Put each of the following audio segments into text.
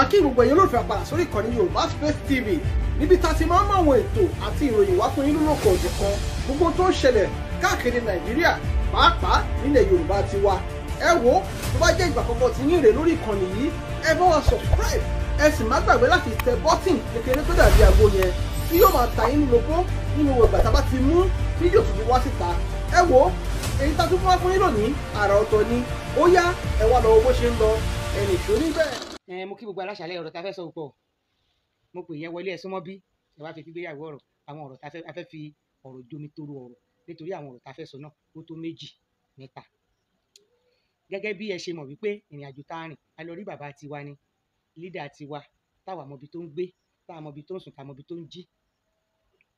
akí gbogbo ẹ̀yin olóòfẹ́ àpàdà sórí ìkànnì yorùbá space tv níbi tá a ti máa ń mọ àwọn ètò àti ìròyìn wá fún yín lónà kan òjò kan gbogbo tó ń ṣẹlẹ̀ káàkiri nàìjíríà pàápàá nílẹ̀ yorùbá ti wa ẹ wo tó bá jẹ́ ìgbà kọ̀ọ̀kan tí yín rè lórí ìkànnì yìí ẹ bá wa subscribe ẹ sì má gbàgbé láti tẹ bọ́tìn kékeré tó dàbí àgbo yẹn tí yóò máa ta yín ní lóko nínú ìgbà tá a bá ti mú fídíò tuntun wá síta ẹ wo èyí tá a tún fún wa fún yín lónìí àrà ọ̀tọ̀ ni ó yá ẹ wá lọ bó ṣe ń lọ ẹnì tó níbẹ̀. ẹ mo kí gbogbo aláṣàlẹ ọ̀rọ̀ tá a fẹ́ sọ pọ̀ mo pè yẹn wọlé ẹ súnmọ́ bí ẹ wá fi gbígbéyàwó ọ̀rọ̀ àwọn ọ̀rọ̀ tá a fẹ́ fi ọ̀rọ̀ jomi toro ọ̀rọ̀ nítorí àwọn ọ̀rọ̀ tá a fẹ́ sọ náà ó tó méjì mẹ́ta gẹ́gẹ́ bí ẹ ṣe mọ̀ wípé ìrìn tá a rìn a lọ rí bàbá tiwa ni lídà tiwa táwa mọbi tó ń gbé táwa mọbi tó ń sùn táwa mọbi tó ń jí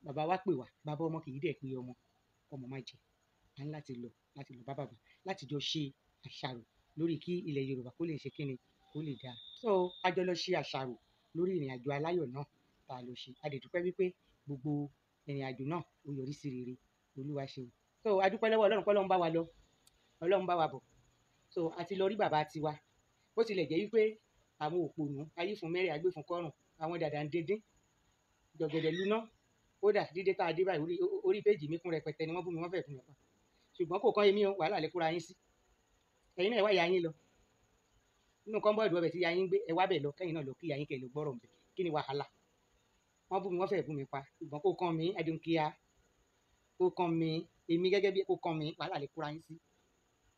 bàbá wa pè wá bàbá ọmọ kì í dẹ̀ pé ọmọ ọmọ má jẹ́ a ní láti lọ láti lọ bá bàbá láti jọ ṣe àṣàrò lórí kí ilẹ̀ yorùbá kó lè ṣe kíni kó lè dáa so a jọ lọ ṣe àṣàrò lórí ìrìn àjò aláyọ̀ náà tá a lọ ṣe a dẹ̀ dúpẹ́ wípé gbogbo ìrìn àjò náà ó yọrí sí rere olúwa ṣeun so a dúpẹ́ lọ́wọ́ ọlọ́run kọ́ lọ́run bá wa lọ ọlọ́run bá wa bọ̀ so a ti lọ rí bàbá tiwa bó tilẹ̀ jẹ́ wípé àwọn òpònú ayé fún mẹ́rin àgbé fún kọ́rùn àwọn dàdà ń dédé jọ̀gẹ̀dẹ̀ lúná kódà dídé tá a dé báyìí orí péjì mi kún rẹpẹtẹ ni wọ́n bú mi wọ́n fẹ̀ fún mi pa ṣùgbọ́n kò kọ́ èmi o wàhálà lè kóra yín sí ẹ̀yin náà ẹ̀ wá ìyá yín lọ nínú kọ́ńbọ́ọ̀dù ọbẹ̀ tí ìyá yín gbé ẹ̀ wá bẹ̀ lọ kẹ́yìn náà lọ kí ìyá yín kẹ́ lọ gbọ́rọ̀ mbẹ̀ kí ni wàhálà wọ́n bú mi wọ́n fẹ́ bú mi pa ṣùgbọ́n kò kàn mí I don't kò kàn mí èmi gẹ́gẹ́ bí kò kàn mí wàhálà lè kóra yín sí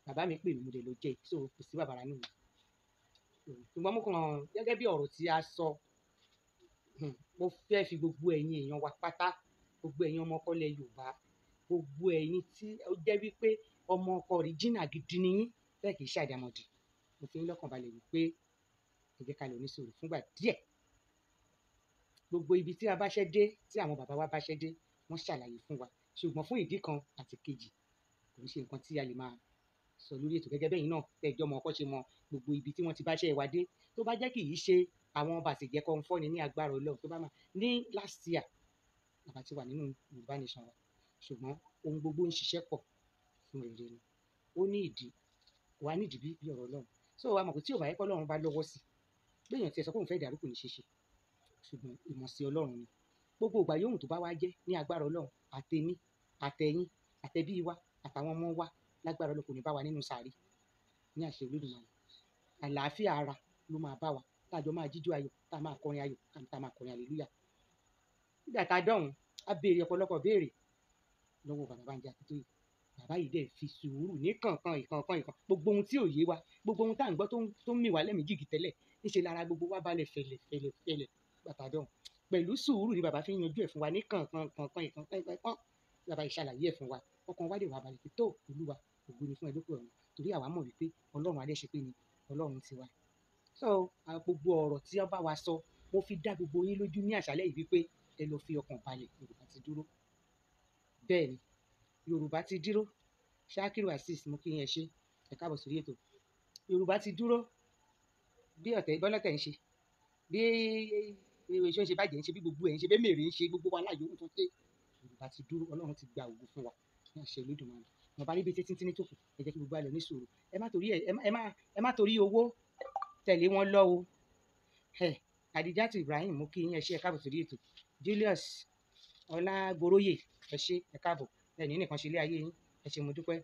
bàbá mi pè mí mo dẹ̀ ló jẹ́ so kò sí bàbá ránú mi ṣùgbọ́n mo kàn gẹ́gẹ́ bí ọ̀rọ̀ gbogbo ẹ̀yin tí ó jẹ́ wípé ọmọ ọkọ ọ̀ríjìnà gidi ni yín bẹ́ẹ̀ kì í ṣàjàmọ̀dì mo fi ń lọ́kàn balẹ̀ wípé ẹ jẹ́ ká lọ ní sùúrù fúngbà díẹ̀ gbogbo ibi tí a bá ṣe dé tí àwọn bàbá wa bá ṣe dé wọ́n ṣàlàyé fún wa ṣùgbọ́n fún ìdí kan àti kejì kò ń ṣe nǹkan tí a lè máa sọ lórí ètò gẹ́gẹ́ bẹ́yìn náà tẹ́jọ́ mọ ọkọ́ ṣe mọ gbogbo ibi tí wọ́n ti bá ṣe ìwà dé tó bá jẹ́ kì í ṣe àwọn bàṣẹ̀jẹ́ kan fọ́ni ní agbára ọlọ́run tó bá mà ní last year bàbá ti wà nínú Yorùbá nation wa ṣùgbọ́n ohun gbogbo ń ṣiṣẹ́ pọ̀ fún rere ni ó ní ìdí wà ní ìdí bí ọ̀rọ̀ Ọlọ́run so wa mọ̀ pé tí ò bá yẹ kọ́ Ọlọ́run bá lọ́wọ́ sí gbẹ̀yàn tiẹ̀ sọ pé òun fẹ́ dàrú kò ní ṣeéṣe ṣùgbọ́n ìmọ̀sí Ọlọ́run ni gbogbo ìgbà yóò tó bá wá jẹ́ ní agbára Ọlọ́run àtẹ̀mí àtẹ̀yìn àtẹ̀bí wa àtàwọn ọmọ wa lágbára Ọlọ́run kò ní bá wa nínú sàárì ní àṣẹ Olódùmarè àlàáfíà ara ló máa bá wa tájọ máa jíjó ayọ̀ tá máa kọrin ayọ̀ tá máa kọrin àlèlúyà nígbà tá a dọ̀hún á béèrè ọ̀pọ̀lọpọ̀ béèrè lọ́wọ́ bàbá bá ń jẹ àkútó yìí bàbá yìí dẹ̀ fi sùúrù ní kànkan ìkànkan ìkàn gbogbo ohun tí ò yé wa gbogbo ohun tá à ń gbọ́ tó ń mì wá lẹ́mìí jìgì tẹ́lẹ̀ níṣe lára gbogbo wa balẹ̀ fẹ̀lẹ̀ fẹ̀lẹ̀ fẹ̀lẹ̀ bàbá dọ̀hún pẹ̀lú sùúrù ni bàbá fi ń yanjú ẹ̀ fún wa ní kànkan ìkànkan ìkànkan ìkànkan bàbá yìí ṣàlàyé ẹ̀ fún wa ọkàn wa dẹ̀ wà balẹ̀ pé tó olúwa ògo ni fún ẹlẹ́kùn ọ̀run torí àwa mọ̀ wípé ọlọ́run ni ọlọ́run tiwa so gbogbo ọ̀rọ̀ tí wọ́n bá wa sọ mo fi dá gbogbo yín lójú ní àṣálẹ́ yìí wípé ẹ lọ fi ọkàn balẹ̀ yorùbá bẹ́ẹ̀ ni yorùbá ti dúró ṣakiru azeez mo kí yẹn ṣe ẹ káàbọ̀ sórí ètò yorùbá ti dúró bí ọ̀tẹ̀ bọ́lọ́tẹ̀ ń ṣe bí ewé iṣẹ́ ń ṣe bàjẹ́ ń ṣe bí gbogbo ẹ̀ ń ṣe bí mèrè ń ṣe gbogbo wa láàyò ń tó dé yorùbá ti dúró ọlọ́run ti gba ògo fún wa ní àṣẹ olódùmarè wọn bá rí bíi títí ní tòkù ẹ jẹ́ kí gbogbo alẹ́ ní sùúrù ẹ má torí owó tẹ̀lé wọn lọ o ẹ Adijatu Ibrahim mo kí yín ẹ ṣe ẹ káàbọ̀ sórí ètò Julius Ọlágoróyè ẹ ṣé ẹ káàbọ̀ ẹ ní nìkan ṣe ilé ayé yín ẹ ṣé mo dúpẹ́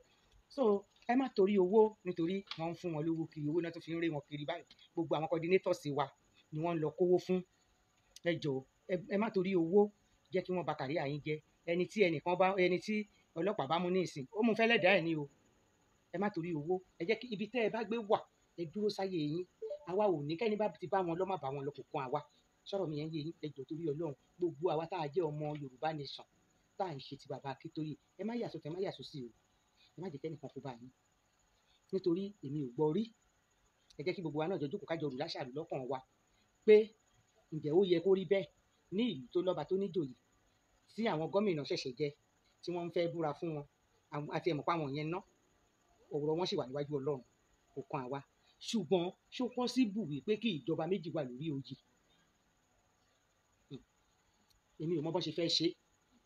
so ẹ má torí owó nítorí wọ́n ń fún wọn lówó kiri owó náà tó fi ń ré wọn kiri báyìí gbogbo àwọn coordinators wa ni wọ́n ń lọ kówó fún ẹ jọ ẹ má torí owó jẹ́ kí wọ́n bà kàrí àyín jẹ́ ẹni tí ẹnìkan bá ẹni tí ọlọ́pàá bá mú ní ìsìn ó mú fẹ́lẹ́ dá ẹ̀ ní o ẹ má torí owó ẹ jẹ́ kí ibi tẹ́ ẹ bá gbé wà ẹ dúró sáyé yín àwa ò ní kẹ́ni bá ti bá wọn lọ má bá wọn lọ kò kún àwa sọ̀rọ̀ mi yẹn yé yín ẹ jọ torí Ọlọ́run gbogbo àwa tá a jẹ́ ọmọ Yorùbá nation tá à ń ṣe ti bàbá Akíntóyè ẹ má yàsọ tẹ ẹ má yàsọ sí o ẹ má jẹ kẹ́nìkan kó bá yín nítorí èmi ò gbọ́ rí ẹ jẹ́ kí gbogbo wa náà jọ jókòó kájọ rù láṣàlù lọ́kàn wa pé ǹjẹ́ ó yẹ kó rí bẹ́ẹ̀ ní ìlú tó lọ́ba tó níjòyè tí àwọn gómìnà ṣẹ̀ṣẹ̀ jẹ tí wọ́n ń fẹ́ búra fún wọn àti ẹ̀mọ̀ pa àwọn yẹn ná ọ̀rọ̀ wọn sì wà níwájú Ọlọ́run kò kan àwa ṣùgbọ́n ṣó pọ́síbù wípé kí ìjọba méjì wà lórí oyè hmm. èmi ò mọ bó ṣe fẹ́ ṣe é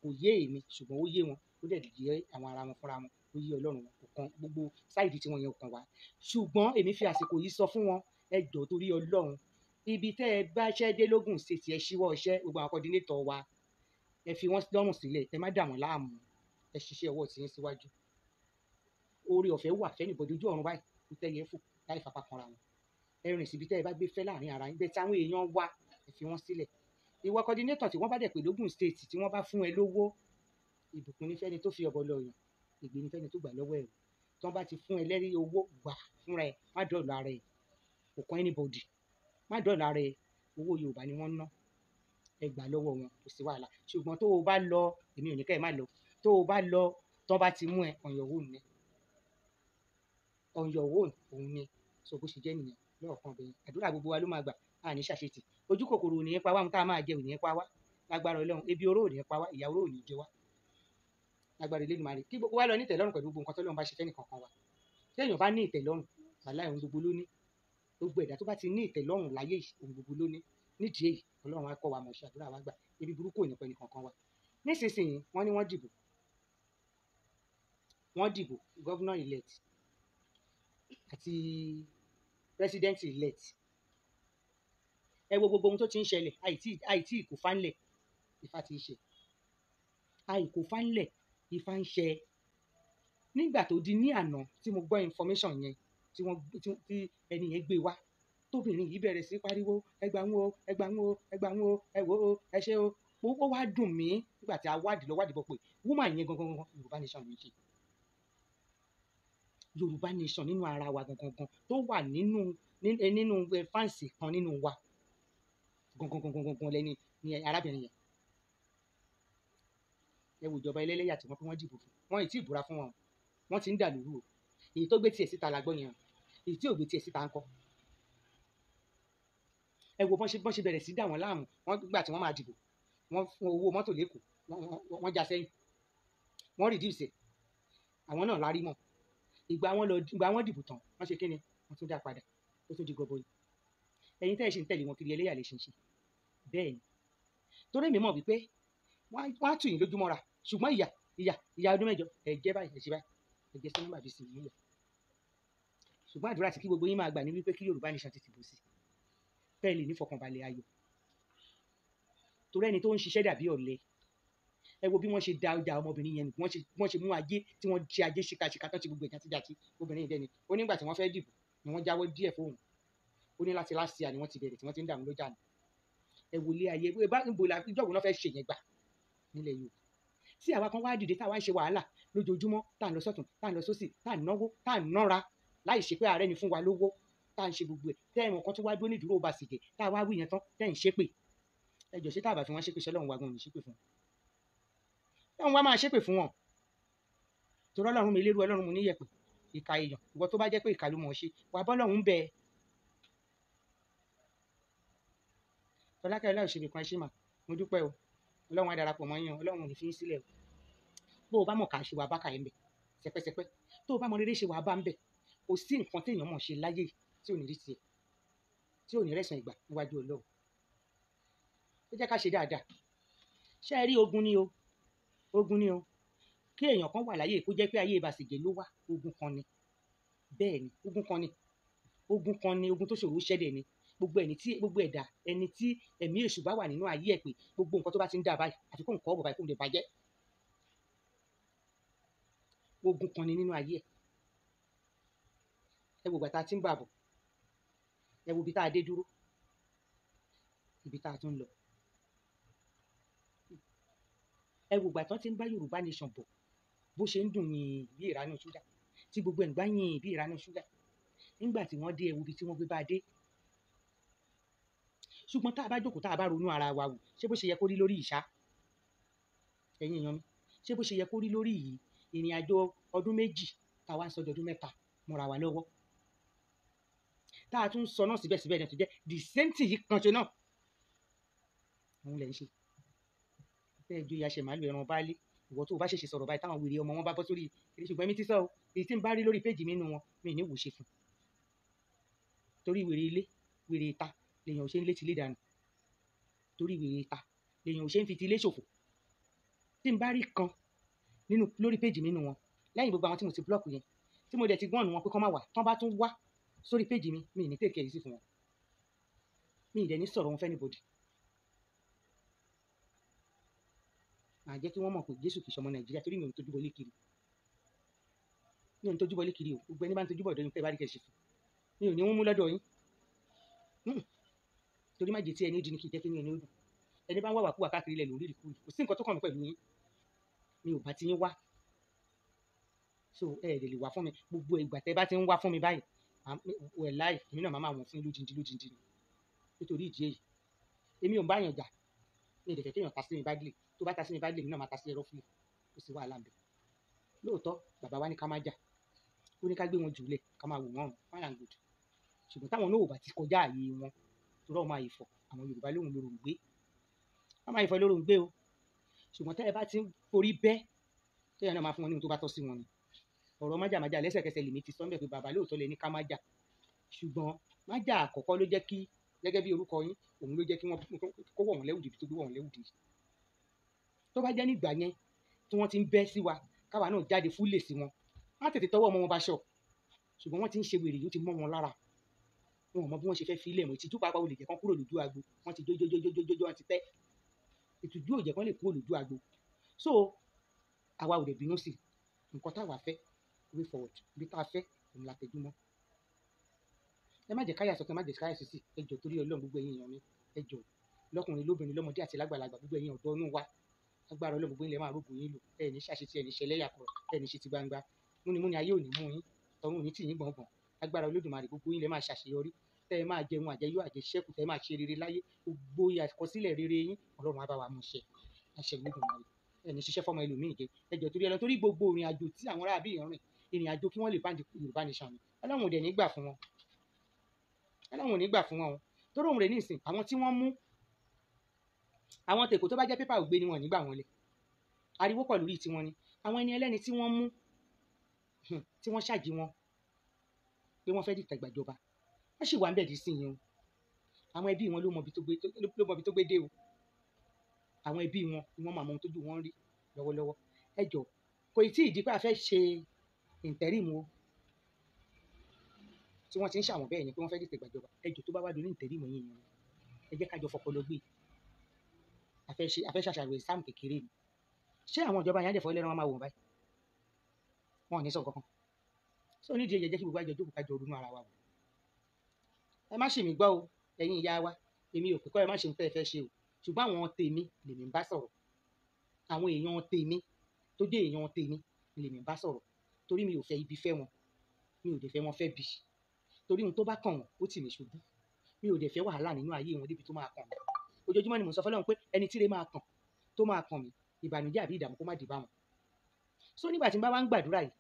kò yé èmi ṣùgbọ́n ó yé wọn ó dẹ̀ yé àwọn ara wọn fúnra wọn ó yé ọlọ́run wọn kò kan gbogbo sáìdì tí wọ́n yẹn kàn wá ṣùgbọ́n èmi fi àsìkò yìí sọ fún wọn ẹ jọ torí ọlọ́run ibi tẹ́ ẹ bá ṣẹ́ dé lógún ṣètì ẹ ṣíwọ́ ọṣẹ́ gbogbo àwọn kọ́dínétọ̀ wa ẹ fi wọ́n lọ́rùn sílẹ̀ ẹ má dà láàmú ẹ ṣiṣẹ́ ọwọ́ tiyín síwájú oore ọ̀fẹ́ wà fẹ́yìn bọ̀dé ojú ọ̀run báyìí tẹ́ yẹn fò láì fapá kanra wọn ẹ rìn síbi tẹ́ ẹ bá gbé fẹ́ láàrin ara yín bẹ́ẹ̀ táwọn èèyàn wá ẹ fi wọ́n sílẹ̀ ìwọ coordinator tí wọ́n bá dẹ̀ pè lógún state tí wọ́n bá fún ẹ lówó ìbùkún ní fẹ́ni tó fi ọ̀bọ lọ yàn ìgbé ní fẹ́ni tó gbà lọ́wọ́ ẹ̀ tí wọ́n bá ti fún ẹ lẹ́rí owó gbà fúnra ẹ má dọ̀lù ara ẹ kò kàn anybody má dọ̀lù ara ẹ owó Yorùbá ni wọ́n ná ẹ gbà lọ́wọ́ wọn kò sí wàhálà ṣùgbọ́n tó o bá lọ èmi ò ní ká ẹ má lọ tó o bá lọ tó bá ti mú ẹ on your own ni on your own òun ni so bó ṣe jẹ́ nìyẹn lọ́ọ̀kan bẹ́ẹ̀ àdúrà gbogbo wa ló máa gbà àní ṣàṣetì ojú kòkòrò òní pa wá ohun tá a máa jẹ òní pa wá lágbára ọlọ́run ebi oró òní pa wá ìyà oró òní jẹ wá lágbára ilé ìmàlè kí gbogbo wa lọ ní ìtẹ̀lọ́rùn pẹ̀lú gbogbo nǹkan tọ́lọ́run bá ṣe fẹ́ nìkankan wa téèyàn bá ní ìtẹ̀lọ́rùn wàhálà ohun gbogbo ló ní gbogbo ẹ̀dá tó bá ti ní ìtẹ̀lọ́rùn láyé ohun gbogbo ló nídìí ọlọ́run ebi burúkú ò ní pẹ́ nìkankan wa nísinsìnyí wọ́n ní wọ́n dìbò wọ́n dìbò governor elect àti president elect ẹ wo gbogbo ohun tó ti ń ṣẹlẹ̀ àìtí ìkó fánlẹ̀ Ifá ti ń ṣe àìkó fánlẹ̀ Ifá ń ṣe nígbà tó di ní àná tí mo gbọ́ information yẹn tí wọ́n tí ẹni yẹn gbé wá tóbìnrin yìí bẹ̀rẹ̀ sí pariwo ẹgbà ń wo ẹgbà ń wo ẹgbà ń wo ẹwò o ẹ ṣe o ó wá dùn mí nígbà tí a wádìí lọ wádìí bọ̀ pé woman yẹn gangan Yorùbá nation ló ń ṣe Yorùbá nation nínú ara wa gangan tó wà nínú nínú eh, fáǹsì kan nínú wa gungungungungun lẹni ni arábìnrin yẹn ẹ wò ìjọba ẹlẹ́lẹ́yà tí wọ́n fi wọ́n dìbò fún wọn ì tí ì búra fún wọn wọ́n ti ń dà lóru o èyí tó gbé tiẹ̀ síta la gbọ́ yẹn èyí tí ò gbé tiẹ̀ síta ń kọ́ ẹ wo bọ́n ṣe bọ́n ṣe bẹ̀rẹ̀ sí dà wọ́n láàmú wọ́n gbà tí wọ́n máa dìbò wọ́n fún owó mọ́tò lẹ́kọ̀ọ́ wọ́n já sẹ́yìn wọ́n rìdíùsẹ̀ àwọn náà lárí mọ́ ìgbà wọn dìbò tán wọ́n ṣe kíni wọ́n tún dá padà ó tún di gọbọyì ẹ̀yin tẹ́ ẹ̀ ṣe ń tẹ̀lé wọn kiri ẹlẹ́yà lè ṣe ń ṣe bẹ́ẹ̀ ni torí mi mọ̀ wípé wọ́n á tù yín lójúmọ́ra ṣùgbọ́n ìyà ìyà ìyà ọdún mẹ́jọ ẹ̀jẹ̀ báyìí ẹ̀ṣẹ̀ báyìí ẹ̀jẹ̀ sí nọ́mbà bíi sì yíyà ṣùgbọ́n àdúrà tí kí gbogbo yín máa gbà ní wípé kí Yorùbá nìṣàn ti tìbò sí bẹ́ẹ̀ lè ní fọkànbalẹ̀ ayọ̀ torí ẹni tó ń ṣiṣẹ́ dàbí ọ̀lẹ ẹ wo bí wọ́n ṣe da ọjà ọmọbìnrin yẹn wọ́n ṣe wọ́n ṣe mú ajé tí wọ́n ṣe ajé ṣìkàṣìkà tó ti gbogbo ìjà ti jà sí obìnrin yìí dẹ́ni ó nígbà tí wọ́n fẹ́ dìbò ni wọ́n jáwọ́ díẹ̀ fóun ó ní láti last year ni wọ́n ti bẹ̀rẹ̀ tí wọ́n ti ń dààmú lójà ni ẹ wò ilé ayé ẹ bá ń bo ìjọba náà fẹ́ ṣe yẹn gbà nílẹ̀ Yorùbá sí àwa kan wá dìde táwa ń ṣe wàhálà lójoojúmọ́ tá à ń lọ sọ́tún tá à ń lọ sósì tá à ń náwó tá à ń nára láì ṣe pé ààrẹ ni fún wa lówó tá à ń ṣe gbogbo ẹ̀ tẹ́ ẹ̀wọ̀n kan tó wá dúró ní ìdúró Ọbaṣẹ́kì tá a wá wí yẹn tán tẹ́ ń a bá fọlákẹ́ ọlọ́run ṣe nìkan ṣe mà mo dúpẹ́ o ọlọ́run á darapọ̀ mọ́ yín ọlọ́run ò ní fi yín sílẹ̀ o bó o bá mọ̀ ká ṣe wà bákà yẹn bẹ̀ sẹpẹsẹpẹ tó o bá mọ rere ṣe wà bá ń bẹ̀ kò sí nǹkan téèyàn mọ̀ ṣe láyé tí ò ní rí tiẹ̀ tí ò ní rẹ̀sán ìgbà níwájú ọlọ́run ó jẹ́ ká ṣe dáadáa ṣé ẹ rí ogun ni o ogun ni o kí èèyàn kan wà láyé kó jẹ́ pé ayé ìbàsìjẹ́ ló wá ogun kan ni bẹ́ẹ̀ ni ogun kan ni ogun kan ni ogun tó ṣòro ṣẹ́dẹ̀ ni gbogbo ẹni tí gbogbo ẹ̀dá ẹni tí ẹ̀mí èṣù bá wà nínú ayé ẹ̀ pé gbogbo nǹkan tó bá ti ń dà báyìí àti kó nǹkan ọ̀bọ̀ báyìí kó lè bàjẹ́ ogun kan ni nínú ayé ẹ̀ ẹ wo ìgbà tá a ti ń bà bọ̀ ẹ wo ibi tá a dé dúró ibi tá a tún lọ ẹ wo ìgbà tán ti ń bá Yorùbá nation bọ̀ bó ṣe ń dùn yìn bí ìranú ṣúgà tí gbogbo ẹ̀ ń gbá yìn bí ìranú ṣúgà nígbà tí wọ́n dé ẹ wo ibi tí wọ́n gbé bá a dé ṣùgbọ́n tá a bá jókòó tá a bá ronú ara wa wò ṣé bó ṣe yẹ kó rí lórí ìṣá ẹ̀yin èèyàn mi ṣé bó ṣe yẹ kó rí lórí yìí ìrìn àjò ọdún méjì tá a wá ń sọ ọdún mẹ́ta mọ́ra wa lọ́wọ́ tá a tún sọ náà síbẹ̀síbẹ̀ náà tó jẹ́ the same yìí kan ṣe náà òun lẹ̀ ń ṣe bẹ́ẹ̀ ju ìyá ṣe màálù ẹran bá lé ìwọ tó o bá ṣèṣe sọ̀rọ̀ báyìí táwọn wèrè ọmọ wọn bá bọ́ sórí èyí ṣùgbọ́n èmi ti lèèyàn ò ṣe ń létí lé dànù torí wèrè ta lèèyàn ò ṣe ń fi ti ilé ṣòfò tí n bá rí kan nínú lórí péjì mi nínú wọn lẹ́yìn gbogbo àwọn tí mo ti blọọkù yẹn tí mo dẹ̀ ti gbọ́n wọn pé kán má wà tán bá tún wá sórí péjì mi mi ní tèkè yìí sí fún wọn mi ì dẹ̀ ní sọ̀rọ̀ wọn fẹ́ níbodì màá jẹ́ kí wọ́n mọ̀ pé Jésù kìí ṣọmọ Nàìjíríà torí mi ò ń tójú bọlé kiri mi ò ń tójú bọlé kiri o gbogbo ẹni bá ń tójú bọ̀ ọ̀dọ́ yín pé bá rí kẹ̀ fún mi ò ní wọ́n mú lọ́dọ̀ yín hmm torí má jẹ́ tí ẹni dín ní kí jẹ́ kí ní ẹni ó dùn ẹni bá ń wàwà kúwà káàkiri ilẹ̀ lórí ìkúrì kò sí nǹkan tó kàn mí pẹ̀lú yín mi ò bá ti yín wá so ẹ ẹ̀ lè wá fún mi gbogbo ìgbà tẹ́ bá ti ń wá fún mi báyìí ẹ̀ láì èmi náà máa wọ̀n fún lójijì lójijì ni nítorí ìdí èyí èmi ò ń báyàn jà mi ò dẹ̀ fẹ́ kéèyàn ta sí mi bágìlì tó bá ta sí mi bágìlì èmi náà máa ta sí ẹrọ fún mi kò sí wàhálà mi lóòótọ́ bàbá wa ní ká má jà ó ní ká gbé wọn jùlẹ̀ ká máa wò wọ́n fine and good ṣùgbọ́n táwọn náà ò bá ti kọjá àyè wọn torí ọmọ àyèfọ̀ àwọn yorùbá lòun lòrùn gbé ọmọ àyèfọ̀ lòrùn gbé o ṣùgbọ́n tẹ́lẹ̀ bá ti ń forí bẹ́ tẹ́lẹ̀ náà máa fún wọn ní tó bá tọ́ sí wọn ni ọ̀rọ̀ májàmájà lẹ́sẹ̀kẹsẹ̀ lèmi ti sọ́ńbẹ̀ pé bàbá lóòótọ́ lẹ ní ká májà ṣùgbọ́n májà àkọ́kọ́ ló jẹ́ kí gẹ́gẹ́ bí orúkọ yín òun ló jẹ́ kí wọ́n kó wọ̀ wọ́n lẹ́wù dìbí tó bá jẹ́ nígbà yẹn tí wọ́n ti ń bẹ́ sí wa káwa náà jáde fúlè sí wọn wọ́n á tètè tọwọ́ ọmọ wọn bá ṣọ ṣùgbọ́n wọ́n ti ń ṣe wèrè yìí ó ti mọ́ wọn lára wọn ò mọ bí wọ́n ṣe fẹ́ fi ilé mọ̀ ìtìjú pàápàá olè jẹ́ kán kúrò lójú agbo wọ́n ti jójójójójójó wọ́n ti tẹ́ ìtìjú ò jẹ́ kán lè kúrò lójú agbo so àwa ò lè bínú sí nǹkan táwa fẹ́ way forward bí tá a fẹ́ òun la tẹjú mọ́ ẹ má jẹ́ káyà sọ pé ẹ má jẹ́ káyà sísì ẹ jọ̀ọ́ torí Ọlọ́run gbogbo ẹ̀yin èèyàn mi ẹ jọ̀ọ́ lọ́kùnrin lóbìnrin lọ́mọdé àti lágbàlagbà gbogbo ẹ̀yin ọ̀dọ́ inú wa agbára Ọlọ́run gbogbo ilẹ̀ máa rògbò yín lò ẹ ní ṣàṣetì ẹ ní ṣẹlẹ́yà kọ ẹ ní ṣe ti gbangba múnimúni ayé ò ní mú yín ọ̀run ò ní tì yín gbọ̀ngbọ̀n agbára Olódùmarè gbogbo yín lè máa ṣàṣeyọrí tẹ́ ẹ máa jẹun àjẹyó àjẹṣẹ́kù tẹ́ ẹ máa ṣe rere láyé gbogbo àkọsílẹ̀ rere yín ọlọ́run á bá wa mú ṣẹ ẹṣẹ ìlú ìdùnnú rẹ ẹni ṣiṣẹ́ fọmọ ẹlòmíì jẹ ẹjọ torí ẹlọ torí gbogbo ìrìn àjò tí àwọn aráàbí ìrìn ìrìn àjò kí wọ́n lè báńdì Yorùbá nation ni ọlọ́run ò dẹ̀ nígbà fún wọn ọlọ́run ò nígbà fún wọn torí òun rẹ̀ ní ìsìn àwọn tí wọ́n mú àwọn tèkó tó bá jẹ́ pépà ògbé ni wọn nígbà wọn lẹ̀ ariwo pọ̀ lórí tiwọn ni àwọn ẹni ẹlẹ́ni tí wọ́n mú hmm, tí wọ́n ṣàjì wọn pé wọ́n fẹ́ dìtẹ̀ gbàjọba wọ́n sì wà ń bẹ̀ dí sí yẹn o àwọn ẹbí wọn ló mọ tó gbé dé o àwọn ẹbí wọn ni wọ́n máa mọ ohun tójú wọn rí lọ́wọ́lọ́wọ́ ẹ jọ kò tí ì di pé ṣe ìntẹ́rìmù o tí wọ́n ti ń ṣàwọn bẹ́ẹ̀ ni pé wọ́n fẹ́ tètè gbàjọba ẹ jọ tó bá wà lórí ìntẹ́rìmù yìí yẹn ẹ jẹ́ kájọ fọpọlọ gbé a fẹ́ ṣàṣàrò ìsáàmù kékeré ni ṣé àwọn ìjọba yẹn á dẹ̀ fọ́ wọn máa wò báyìí wọn ò ní sọ kankan sọ nídìí ẹ̀yẹ jẹ́ kí gbogbo àjọ jókòó kájọ ronú ara wa wò ẹ má ṣe mí gbọ́ o ẹ̀yin ìyá wa èmi ò pẹ́kọ́ ẹ má ṣe ń fẹ́ fẹ́ ṣe o ṣùgbọ́n àwọn tèmi lèmi ń bá sọ̀rọ̀ àwọn èèyàn tèmi tó jẹ́ èèyàn tèmi lèmi ń bá sọ̀rọ̀ torí mi ò fẹ́ ibi fẹ́ wọn mi ò dẹ̀ fẹ́ wọn fẹ́ bi torí ohun tó bá kàn wọn ó tì mí ṣubú mi ò dẹ̀ fẹ́ wàhálà nínú ayé wọn débi tó máa kàn mí ojoojúmọ́ ni mò sọ fọlọ́run pé ẹni tíre máa kàn tó máa kàn mí ìbànújẹ́ àbí ìdààmú kó má dé wọn so nígbà tí n bá wá ń gbàdúrà yìí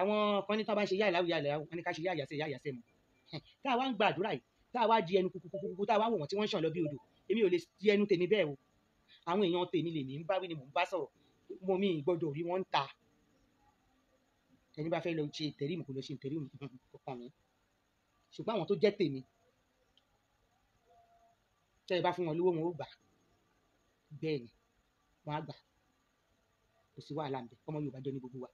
àwọn kan ní tí wọn bá ń ṣe yáyà láwùjá yàlẹ wọn ni ká ṣe yáyà sẹ yáyà sẹ mọ tá wá ń gbàdúrà yìí tá a wá di ẹnu kúkúkúkú tá a wá wò tí wọ́n ṣàn lọ bí odò èmi ò lè di ẹnu tèmi bẹ́ẹ̀ o àwọn èèyàn tèmi lèmi ń bá wí ni mò ń bá sọ̀rọ̀ mo mi gbọ́dọ̀ rí wọ́n ń ta ẹni bá fẹ́ lọ ṣe ìtẹ̀rímù kò lọ ṣe ìtẹ̀rímù kọ̀ọ̀kan mi ṣùgbọ́n àwọn tó jẹ́ tèmi tẹ́ ẹ bá fún wọn lówó wọn ó gbà bẹ́ẹ̀ ni wọ́n á gbà kò sí wàhálà ń bẹ ọmọ Yorùbá jọ ní gbogbo wa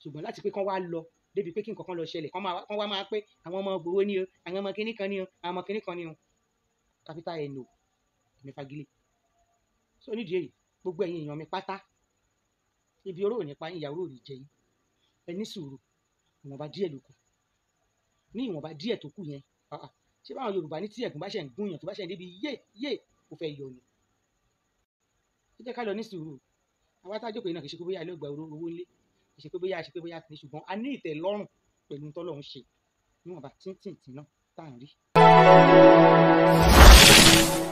ṣùgbọ́n láti pé kán wá lọ débi pé kí nǹkan kan lọ ṣẹlẹ̀ kán wá máa pé àwọn ọmọ gbowó ni o àwọn ọmọ kìnní kan ni o àwọn ọmọ kìnní kan ni o capital no èmi fagilé so nídìí èyí gbogbo ẹ̀yin èèyàn mi pátá ibi oró ò ní pa ìyàwó ò ní jẹ yín ẹ ní sùúrù ìwọ̀nba díẹ̀ ló kù ní ìwọ̀nba díẹ̀ tó kù yẹn ṣé báwọn yorùbá ní tí ẹ̀gún bá ṣe ń gún yàn tó bá ṣe ń débi yé yé kò fẹ́ yọ ni ẹ jẹ́ ká lọ ní sùúrù àwa tá a jókòó yìí náà kì í ṣe kó bóyá ilé ọgbà owó lé kì pé bóyá ṣe pé bóyá kì ṣùgbọ́n a ní ìtẹ̀lọ́rùn pẹ̀lú tọ́lọ̀ ń ṣe níwọ̀nba tíntìntì náà tá à ń rí.